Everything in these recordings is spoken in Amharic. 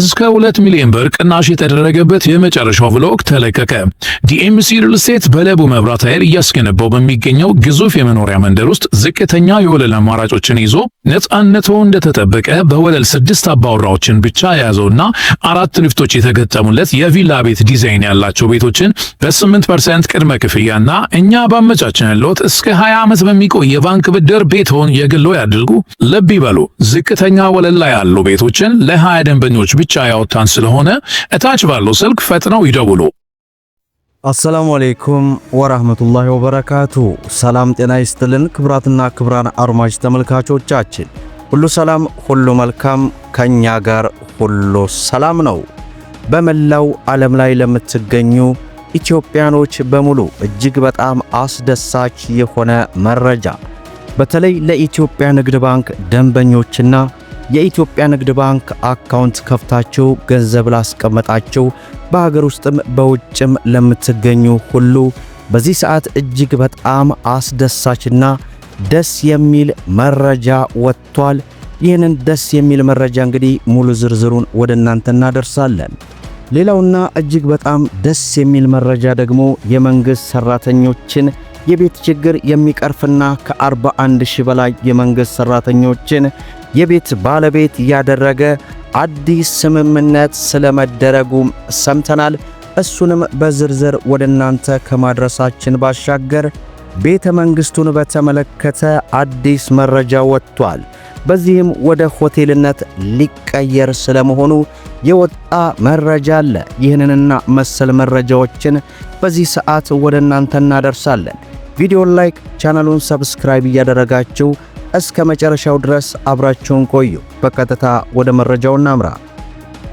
እስከ 2 ሚሊዮን ብር ቅናሽ የተደረገበት የመጨረሻው ብሎክ ተለቀቀ። ዲኤምሲ ሪል ስቴት በለቡ መብራት ኃይል እያስገነባው በሚገኘው ግዙፍ የመኖሪያ መንደር ውስጥ ዝቅተኛ የወለል አማራጮችን ይዞ ነጻነቱ እንደተጠበቀ በወለል ስድስት አባወራዎችን ብቻ የያዘውና አራት ንፍቶች የተገጠሙለት የቪላ ቤት ዲዛይን ያላቸው ቤቶችን በ8 ቅድመ ክፍያና እኛ ባመቻችን ለውጥ እስከ 20 ዓመት በሚቆይ የባንክ ብድር ቤትዎን የግሎ ያድርጉ። ልብ ይበሉ፣ ዝቅተኛ ወለል ላይ ያሉ ቤቶችን ለ20 ደንበኞች ብቻ ያወጣን ስለሆነ እታች ባለው ስልክ ፈጥነው ይደውሉ። አሰላሙ አሌይኩም ወራህመቱላሂ ወበረካቱ። ሰላም ጤና ይስጥልን ክብራትና ክብራን አርማጅ ተመልካቾቻችን ሁሉ ሰላም ሁሉ መልካም፣ ከኛ ጋር ሁሉ ሰላም ነው። በመላው ዓለም ላይ ለምትገኙ ኢትዮጵያኖች በሙሉ እጅግ በጣም አስደሳች የሆነ መረጃ በተለይ ለኢትዮጵያ ንግድ ባንክ ደንበኞችና የኢትዮጵያ ንግድ ባንክ አካውንት ከፍታችሁ ገንዘብ ላስቀመጣችሁ በሀገር ውስጥም በውጭም ለምትገኙ ሁሉ በዚህ ሰዓት እጅግ በጣም አስደሳችና ደስ የሚል መረጃ ወጥቷል። ይህንን ደስ የሚል መረጃ እንግዲህ ሙሉ ዝርዝሩን ወደ እናንተ እናደርሳለን። ሌላውና እጅግ በጣም ደስ የሚል መረጃ ደግሞ የመንግሥት ሠራተኞችን የቤት ችግር የሚቀርፍና ከ41 ሺህ በላይ የመንግሥት ሠራተኞችን የቤት ባለቤት ያደረገ አዲስ ስምምነት ስለመደረጉም ሰምተናል። እሱንም በዝርዝር ወደ እናንተ ከማድረሳችን ባሻገር ቤተ መንግሥቱን በተመለከተ አዲስ መረጃ ወጥቷል። በዚህም ወደ ሆቴልነት ሊቀየር ስለመሆኑ የወጣ መረጃ አለ። ይህንንና መሰል መረጃዎችን በዚህ ሰዓት ወደ እናንተ እናደርሳለን። ቪዲዮን ላይክ፣ ቻናሉን ሰብስክራይብ እያደረጋችሁ እስከ መጨረሻው ድረስ አብራችሁን ቆዩ። በቀጥታ ወደ መረጃው እናምራ።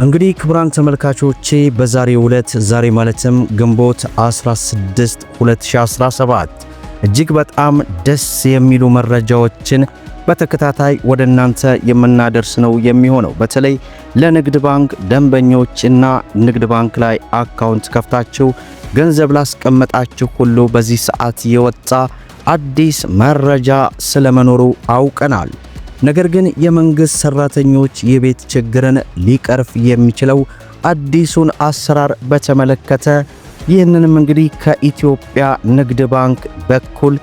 እንግዲህ ክቡራን ተመልካቾቼ በዛሬው ዕለት ዛሬ ማለትም ግንቦት 16 2017 እጅግ በጣም ደስ የሚሉ መረጃዎችን በተከታታይ ወደ እናንተ የምናደርስ ነው የሚሆነው። በተለይ ለንግድ ባንክ ደንበኞች እና ንግድ ባንክ ላይ አካውንት ከፍታችሁ ገንዘብ ላስቀመጣችሁ ሁሉ በዚህ ሰዓት የወጣ አዲስ መረጃ ስለመኖሩ አውቀናል። ነገር ግን የመንግስት ሰራተኞች የቤት ችግርን ሊቀርፍ የሚችለው አዲሱን አሰራር በተመለከተ ይህንንም እንግዲህ ከኢትዮጵያ ንግድ ባንክ በኩል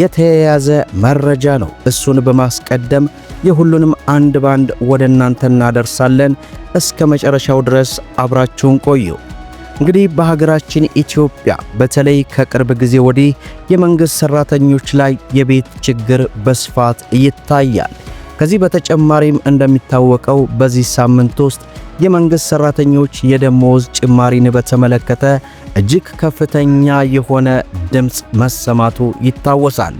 የተያያዘ መረጃ ነው። እሱን በማስቀደም የሁሉንም አንድ ባንድ ወደ እናንተ እናደርሳለን። እስከ መጨረሻው ድረስ አብራችሁን ቆዩ። እንግዲህ በሀገራችን ኢትዮጵያ በተለይ ከቅርብ ጊዜ ወዲህ የመንግሥት ሠራተኞች ላይ የቤት ችግር በስፋት ይታያል። ከዚህ በተጨማሪም እንደሚታወቀው በዚህ ሳምንት ውስጥ የመንግሥት ሠራተኞች የደሞዝ ጭማሪን በተመለከተ እጅግ ከፍተኛ የሆነ ድምፅ መሰማቱ ይታወሳል።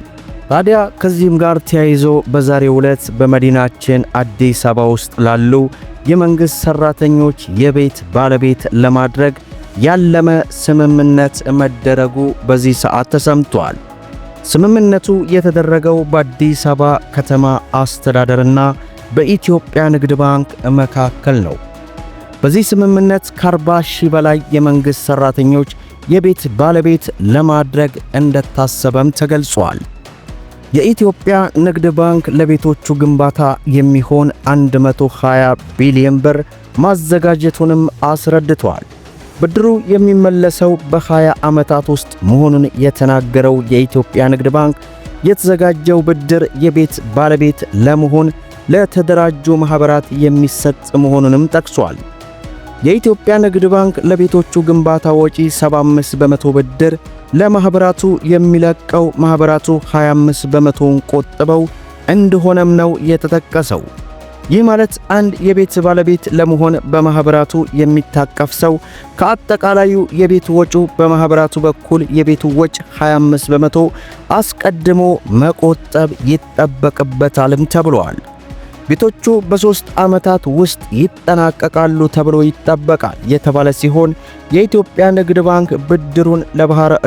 ታዲያ ከዚህም ጋር ተያይዞ በዛሬው ዕለት በመዲናችን አዲስ አበባ ውስጥ ላሉ የመንግሥት ሠራተኞች የቤት ባለቤት ለማድረግ ያለመ ስምምነት መደረጉ በዚህ ሰዓት ተሰምቷል። ስምምነቱ የተደረገው በአዲስ አበባ ከተማ አስተዳደርና በኢትዮጵያ ንግድ ባንክ መካከል ነው። በዚህ ስምምነት ከ40 ሺህ በላይ የመንግሥት ሠራተኞች የቤት ባለቤት ለማድረግ እንደታሰበም ተገልጿል። የኢትዮጵያ ንግድ ባንክ ለቤቶቹ ግንባታ የሚሆን 120 ቢሊዮን ብር ማዘጋጀቱንም አስረድቷል። ብድሩ የሚመለሰው በ20 ዓመታት ውስጥ መሆኑን የተናገረው የኢትዮጵያ ንግድ ባንክ የተዘጋጀው ብድር የቤት ባለቤት ለመሆን ለተደራጁ ማኅበራት የሚሰጥ መሆኑንም ጠቅሷል። የኢትዮጵያ ንግድ ባንክ ለቤቶቹ ግንባታ ወጪ 75 በመቶ ብድር ለማኅበራቱ የሚለቀው ማኅበራቱ 25 በመቶውን ቆጥበው እንደሆነም ነው የተጠቀሰው። ይህ ማለት አንድ የቤት ባለቤት ለመሆን በማህበራቱ የሚታቀፍ ሰው ከአጠቃላዩ የቤት ወጪ በማህበራቱ በኩል የቤቱ ወጪ 25 በመቶ አስቀድሞ መቆጠብ ይጠበቅበታልም ተብሏል። ቤቶቹ በሦስት ዓመታት ውስጥ ይጠናቀቃሉ ተብሎ ይጠበቃል የተባለ ሲሆን የኢትዮጵያ ንግድ ባንክ ብድሩን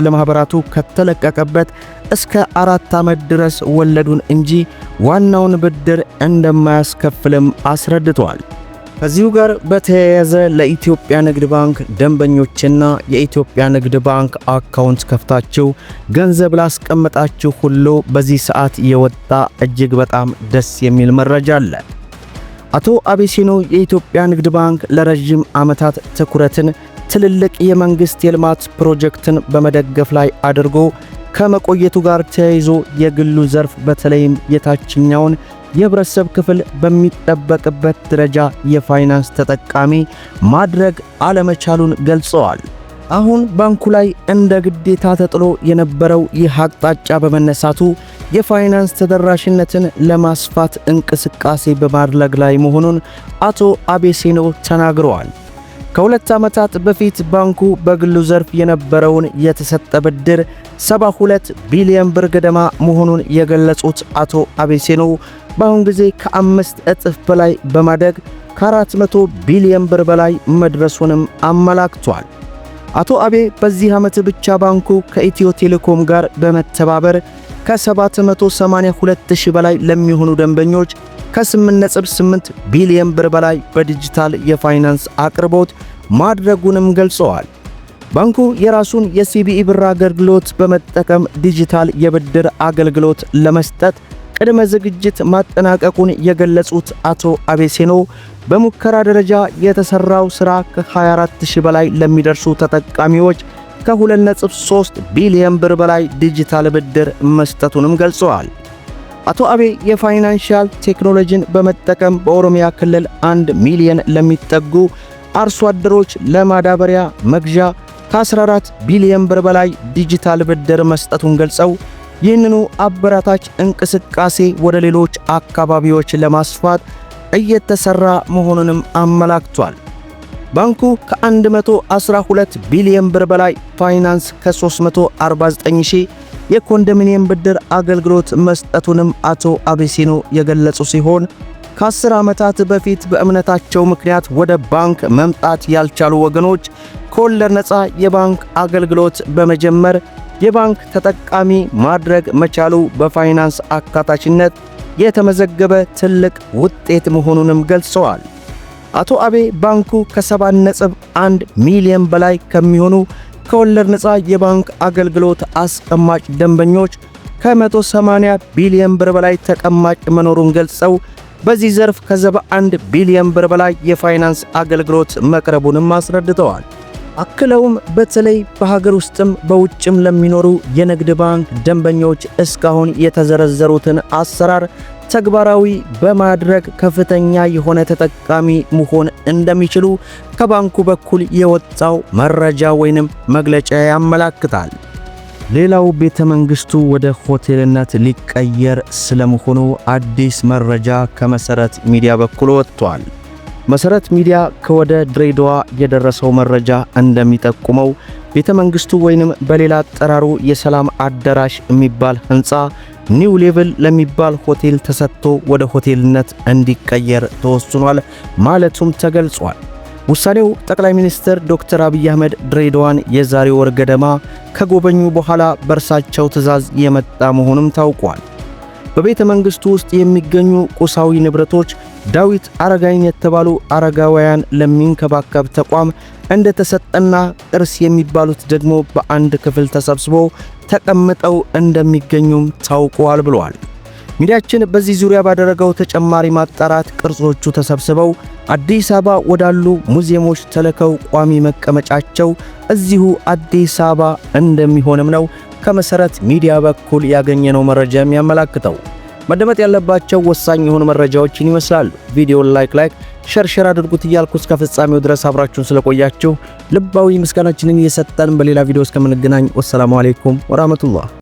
ለማህበራቱ ከተለቀቀበት እስከ አራት ዓመት ድረስ ወለዱን እንጂ ዋናውን ብድር እንደማያስከፍልም አስረድቷል። ከዚሁ ጋር በተያያዘ ለኢትዮጵያ ንግድ ባንክ ደንበኞችና የኢትዮጵያ ንግድ ባንክ አካውንት ከፍታችሁ ገንዘብ ላስቀመጣችሁ ሁሉ በዚህ ሰዓት የወጣ እጅግ በጣም ደስ የሚል መረጃ አለ። አቶ አቤሲኖ የኢትዮጵያ ንግድ ባንክ ለረዥም ዓመታት ትኩረትን ትልልቅ የመንግሥት የልማት ፕሮጀክትን በመደገፍ ላይ አድርጎ ከመቆየቱ ጋር ተያይዞ የግሉ ዘርፍ በተለይም የታችኛውን የህብረተሰብ ክፍል በሚጠበቅበት ደረጃ የፋይናንስ ተጠቃሚ ማድረግ አለመቻሉን ገልጸዋል። አሁን ባንኩ ላይ እንደ ግዴታ ተጥሎ የነበረው ይህ አቅጣጫ በመነሳቱ የፋይናንስ ተደራሽነትን ለማስፋት እንቅስቃሴ በማድረግ ላይ መሆኑን አቶ አቤሴኖ ተናግረዋል። ከሁለት ዓመታት በፊት ባንኩ በግሉ ዘርፍ የነበረውን የተሰጠ ብድር 72 ቢሊዮን ብር ገደማ መሆኑን የገለጹት አቶ አቤሴኖ በአሁን ጊዜ ከአምስት እጥፍ በላይ በማደግ ከ400 ቢሊዮን ብር በላይ መድረሱንም አመላክቷል። አቶ አቤ በዚህ ዓመት ብቻ ባንኩ ከኢትዮ ቴሌኮም ጋር በመተባበር ከ 782000 በላይ ለሚሆኑ ደንበኞች ከ8.8 ቢሊዮን ብር በላይ በዲጂታል የፋይናንስ አቅርቦት ማድረጉንም ገልጸዋል። ባንኩ የራሱን የሲቢኢ ብር አገልግሎት በመጠቀም ዲጂታል የብድር አገልግሎት ለመስጠት ቅድመ ዝግጅት ማጠናቀቁን የገለጹት አቶ አቤሴኖ በሙከራ ደረጃ የተሰራው ሥራ ከ24000 በላይ ለሚደርሱ ተጠቃሚዎች ከ2.3 ቢሊዮን ብር በላይ ዲጂታል ብድር መስጠቱንም ገልጸዋል። አቶ አቤ የፋይናንሻል ቴክኖሎጂን በመጠቀም በኦሮሚያ ክልል አንድ ሚሊየን ለሚጠጉ አርሶ አደሮች ለማዳበሪያ መግዣ ከ14 ቢሊየን ብር በላይ ዲጂታል ብድር መስጠቱን ገልጸው ይህንኑ አበራታች እንቅስቃሴ ወደ ሌሎች አካባቢዎች ለማስፋት እየተሰራ መሆኑንም አመላክቷል። ባንኩ ከ112 ቢሊየን ብር በላይ ፋይናንስ ከ349 የኮንዶሚኒየም ብድር አገልግሎት መስጠቱንም አቶ አቤሲኖ የገለጹ ሲሆን ከአስር ዓመታት በፊት በእምነታቸው ምክንያት ወደ ባንክ መምጣት ያልቻሉ ወገኖች ከወለድ ነፃ የባንክ አገልግሎት በመጀመር የባንክ ተጠቃሚ ማድረግ መቻሉ በፋይናንስ አካታችነት የተመዘገበ ትልቅ ውጤት መሆኑንም ገልጸዋል። አቶ አቤ ባንኩ ከ7.1 ሚሊዮን በላይ ከሚሆኑ ከወለድ ነፃ የባንክ አገልግሎት አስቀማጭ ደንበኞች ከ180 ቢሊዮን ብር በላይ ተቀማጭ መኖሩን ገልጸው በዚህ ዘርፍ ከ71 ቢሊዮን ብር በላይ የፋይናንስ አገልግሎት መቅረቡንም አስረድተዋል። አክለውም በተለይ በሀገር ውስጥም በውጭም ለሚኖሩ የንግድ ባንክ ደንበኞች እስካሁን የተዘረዘሩትን አሰራር ተግባራዊ በማድረግ ከፍተኛ የሆነ ተጠቃሚ መሆን እንደሚችሉ ከባንኩ በኩል የወጣው መረጃ ወይንም መግለጫ ያመላክታል። ሌላው ቤተ መንግሥቱ ወደ ሆቴልነት ሊቀየር ስለመሆኑ አዲስ መረጃ ከመሠረት ሚዲያ በኩል ወጥቷል። መሠረት ሚዲያ ከወደ ድሬዳዋ የደረሰው መረጃ እንደሚጠቁመው ቤተ መንግሥቱ ወይንም በሌላ አጠራሩ የሰላም አዳራሽ የሚባል ሕንፃ ኒው ሌቭል ለሚባል ሆቴል ተሰጥቶ ወደ ሆቴልነት እንዲቀየር ተወስኗል ማለቱም ተገልጿል። ውሳኔው ጠቅላይ ሚኒስትር ዶክተር አብይ አህመድ ድሬዳዋን የዛሬ ወር ገደማ ከጎበኙ በኋላ በእርሳቸው ትዕዛዝ የመጣ መሆኑም ታውቋል። በቤተ መንግሥቱ ውስጥ የሚገኙ ቁሳዊ ንብረቶች ዳዊት አረጋይን የተባሉ አረጋውያን ለሚንከባከብ ተቋም እንደተሰጠና ቅርስ የሚባሉት ደግሞ በአንድ ክፍል ተሰብስበው ተቀምጠው እንደሚገኙም ታውቋል ብሏል። ሚዲያችን በዚህ ዙሪያ ባደረገው ተጨማሪ ማጣራት ቅርጾቹ ተሰብስበው አዲስ አበባ ወዳሉ ሙዚየሞች ተልከው ቋሚ መቀመጫቸው እዚሁ አዲስ አበባ እንደሚሆንም ነው ከመሰረት ሚዲያ በኩል ያገኘነው መረጃ የሚያመላክተው። መደመጥ ያለባቸው ወሳኝ የሆኑ መረጃዎችን ይመስላሉ። ቪዲዮን ላይክ ላይክ ሸርሸር አድርጉት እያልኩ እስከ ፍጻሜው ድረስ አብራችሁን ስለቆያችሁ ልባዊ ምስጋናችንን እየሰጠን በሌላ ቪዲዮ እስከምንገናኝ ወሰላሙ አሌይኩም ወራህመቱላህ።